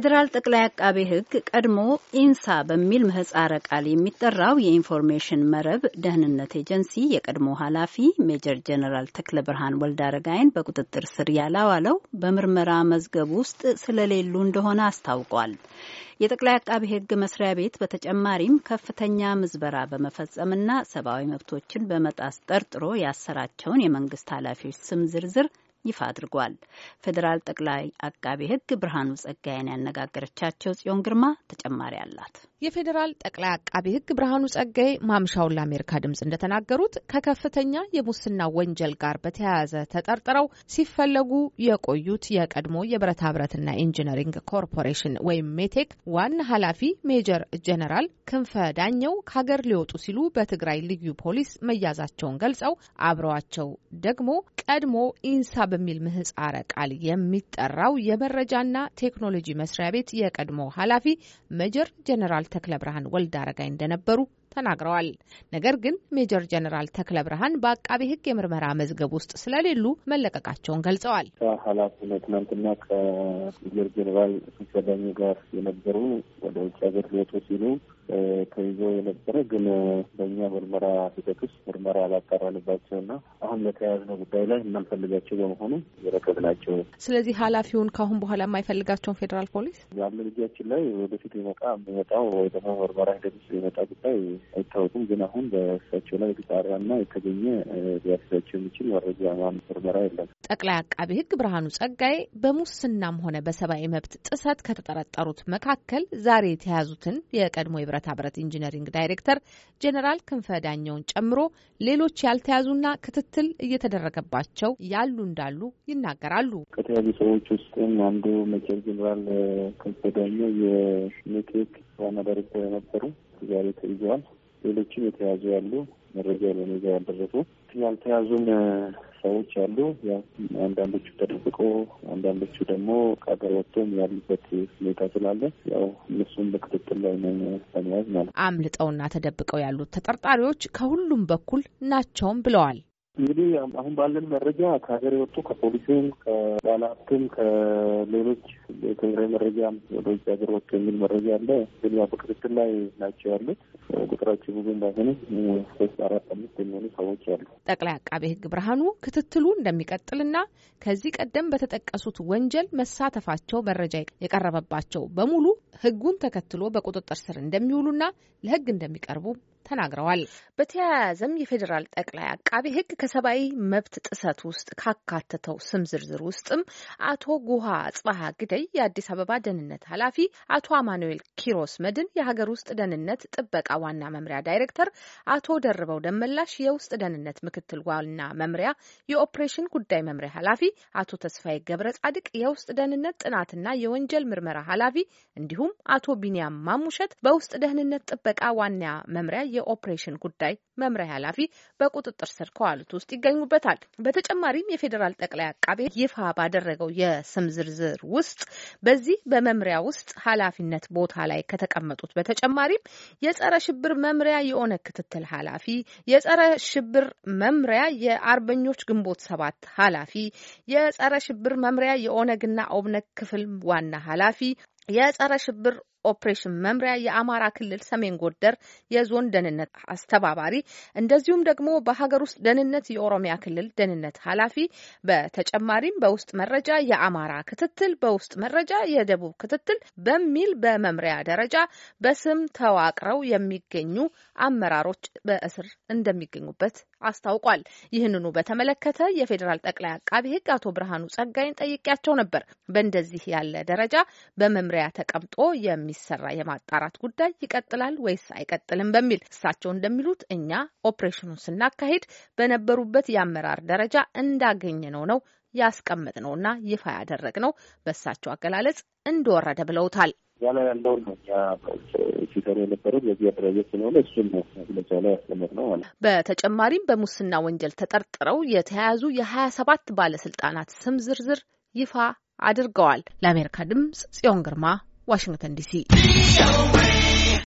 ፌዴራል ጠቅላይ አቃቤ ሕግ ቀድሞ ኢንሳ በሚል ምህጻረ ቃል የሚጠራው የኢንፎርሜሽን መረብ ደህንነት ኤጀንሲ የቀድሞ ኃላፊ ሜጀር ጀነራል ተክለ ብርሃን ወልዳረጋይን በቁጥጥር ስር ያላዋለው በምርመራ መዝገብ ውስጥ ስለሌሉ እንደሆነ አስታውቋል። የጠቅላይ አቃቤ ሕግ መስሪያ ቤት በተጨማሪም ከፍተኛ ምዝበራ በመፈጸምና ሰብአዊ መብቶችን በመጣስ ጠርጥሮ ያሰራቸውን የመንግስት ኃላፊዎች ስም ዝርዝር ይፋ አድርጓል። ፌዴራል ጠቅላይ አቃቤ ሕግ ብርሃኑ ጸጋዬን ያነጋገረቻቸው ጽዮን ግርማ ተጨማሪ አላት። የፌዴራል ጠቅላይ አቃቤ ሕግ ብርሃኑ ጸጋይ ማምሻውን ለአሜሪካ ድምፅ እንደተናገሩት ከከፍተኛ የሙስና ወንጀል ጋር በተያያዘ ተጠርጥረው ሲፈለጉ የቆዩት የቀድሞ የብረታ ብረትና ኢንጂነሪንግ ኮርፖሬሽን ወይም ሜቴክ ዋና ኃላፊ ሜጀር ጀነራል ክንፈ ዳኘው ከሀገር ሊወጡ ሲሉ በትግራይ ልዩ ፖሊስ መያዛቸውን ገልጸው አብረዋቸው ደግሞ ቀድሞ ኢንሳ በሚል ምህጻረ ቃል የሚጠራው የመረጃና ቴክኖሎጂ መስሪያ ቤት የቀድሞ ኃላፊ ሜጀር ጀነራል ጀነራል ተክለ ብርሃን ወልድ አረጋይ እንደነበሩ ተናግረዋል። ነገር ግን ሜጀር ጀነራል ተክለ ብርሃን በአቃቤ ሕግ የምርመራ መዝገብ ውስጥ ስለሌሉ መለቀቃቸውን ገልጸዋል። ከኃላፊ ትናንትና ከሜጀር ጀነራል ሲሰዳኝ ጋር የነበሩ ወደ ውጭ ሀገር ሊወጡ ሲሉ ተይዞ የነበረ ግን በእኛ ምርመራ ሂደት ውስጥ ምርመራ አላጣራንባቸው እና አሁን ለተያያዝነው ጉዳይ ላይ እናንፈልጋቸው በመሆኑ ናቸው። ስለዚህ ኃላፊውን ከአሁን በኋላ የማይፈልጋቸውን ፌዴራል ፖሊስ ያምን ልጃችን ላይ ወደፊት ይመጣ የሚመጣው ወይ ደግሞ ምርመራ ሂደት ውስጥ የመጣ ጉዳይ አይታወቁም። ግን አሁን በእሳቸው ላይ የተጣራና የተገኘ ሊያስችላቸው የሚችል መረጃ ማን ምርመራ የለም። ጠቅላይ አቃቢ ሕግ ብርሃኑ ጸጋዬ በሙስናም ሆነ በሰብአዊ መብት ጥሰት ከተጠረጠሩት መካከል ዛሬ የተያዙትን የቀድሞ ይብረ የብረታ ብረት ኢንጂነሪንግ ዳይሬክተር ጄኔራል ክንፈ ዳኘውን ጨምሮ ሌሎች ያልተያዙና ክትትል እየተደረገባቸው ያሉ እንዳሉ ይናገራሉ። ከተያዙ ሰዎች ውስጥም አንዱ ሜጀር ጄኔራል ክንፈ ዳኘው የሜቴክ ዋና ዳይሬክተር የነበሩ ዛሬ ተይዘዋል። ሌሎችም የተያዙ ያሉ መረጃ ለኔ ጋር ያልደረሱ ያልተያዙም ሰዎች አሉ። ያው አንዳንዶቹ ተደብቆ፣ አንዳንዶቹ ደግሞ ከሀገር ወጥቶም ያሉበት ሁኔታ ስላለ ያው እነሱም በክትትል ላይ ነን ለመያዝ ማለት አምልጠውና ተደብቀው ያሉት ተጠርጣሪዎች ከሁሉም በኩል ናቸውም ብለዋል እንግዲህ አሁን ባለን መረጃ ከሀገር የወጡ ከፖሊስም፣ ከባለሀብትም፣ ከሌሎች የትግራይ መረጃ ወደ ውጭ ሀገር ወጡ የሚል መረጃ አለ። ግን ያው በክትትል ላይ ናቸው ያሉት ቁጥራቸው ብዙ እንዳይሆንም ሶስት አራት አምስት የሚሆኑ ሰዎች አሉ። ጠቅላይ አቃቤ ሕግ ብርሃኑ ክትትሉ እንደሚቀጥልና ከዚህ ቀደም በተጠቀሱት ወንጀል መሳተፋቸው መረጃ የቀረበባቸው በሙሉ ሕጉን ተከትሎ በቁጥጥር ስር እንደሚውሉና ለሕግ እንደሚቀርቡ ተናግረዋል። በተያያዘም የፌዴራል ጠቅላይ አቃቤ ሕግ ከሰብአዊ መብት ጥሰት ውስጥ ካካተተው ስም ዝርዝር ውስጥም አቶ ጉሃ ጽባሃ ግደይ የአዲስ አበባ ደህንነት ኃላፊ፣ አቶ አማኑኤል ኪሮስ መድን የሀገር ውስጥ ደህንነት ጥበቃ ዋና መምሪያ ዳይሬክተር፣ አቶ ደርበው ደመላሽ የውስጥ ደህንነት ምክትል ዋና መምሪያ የኦፕሬሽን ጉዳይ መምሪያ ኃላፊ፣ አቶ ተስፋዬ ገብረ ጻድቅ የውስጥ ደህንነት ጥናትና የወንጀል ምርመራ ኃላፊ እንዲሁም አቶ ቢንያም ማሙሸት በውስጥ ደህንነት ጥበቃ ዋና መምሪያ የኦፕሬሽን ጉዳይ መምሪያ ኃላፊ በቁጥጥር ስር ከዋሉት ውስጥ ይገኙበታል። በተጨማሪም የፌዴራል ጠቅላይ አቃቤ ይፋ ባደረገው የስም ዝርዝር ውስጥ በዚህ በመምሪያ ውስጥ ኃላፊነት ቦታ ላይ ከተቀመጡት በተጨማሪም የጸረ ሽብር መምሪያ የኦነግ ክትትል ኃላፊ፣ የጸረ ሽብር መምሪያ የአርበኞች ግንቦት ሰባት ኃላፊ፣ የጸረ ሽብር መምሪያ የኦነግና ኦብነግ ክፍል ዋና ኃላፊ የጸረ ሽብር ኦፕሬሽን መምሪያ የአማራ ክልል ሰሜን ጎንደር የዞን ደህንነት አስተባባሪ እንደዚሁም ደግሞ በሀገር ውስጥ ደህንነት የኦሮሚያ ክልል ደህንነት ኃላፊ በተጨማሪም በውስጥ መረጃ የአማራ ክትትል፣ በውስጥ መረጃ የደቡብ ክትትል በሚል በመምሪያ ደረጃ በስም ተዋቅረው የሚገኙ አመራሮች በእስር እንደሚገኙበት አስታውቋል። ይህንኑ በተመለከተ የፌዴራል ጠቅላይ አቃቢ ሕግ አቶ ብርሃኑ ጸጋይን ጠይቄያቸው ነበር። በእንደዚህ ያለ ደረጃ በመምሪያ ተቀምጦ የሚ እንደሚሰራ የማጣራት ጉዳይ ይቀጥላል ወይስ አይቀጥልም በሚል እሳቸው እንደሚሉት እኛ ኦፕሬሽኑን ስናካሄድ በነበሩበት የአመራር ደረጃ እንዳገኘ ነው ነው ያስቀመጥ ነውና ይፋ ያደረግ ነው። በእሳቸው አገላለጽ እንደወረደ ብለውታል። እዛ ላይ ያለውን ነው እኛ ሲሰሩ የነበረው በዚህ አደራጀት ስለሆነ እሱን ነው መግለጫ ላይ ያስቀመጥ ነው ማለት። በተጨማሪም በሙስና ወንጀል ተጠርጥረው የተያያዙ የሀያ ሰባት ባለስልጣናት ስም ዝርዝር ይፋ አድርገዋል። ለአሜሪካ ድምጽ ጽዮን ግርማ ዋሽንግተን ዲሲ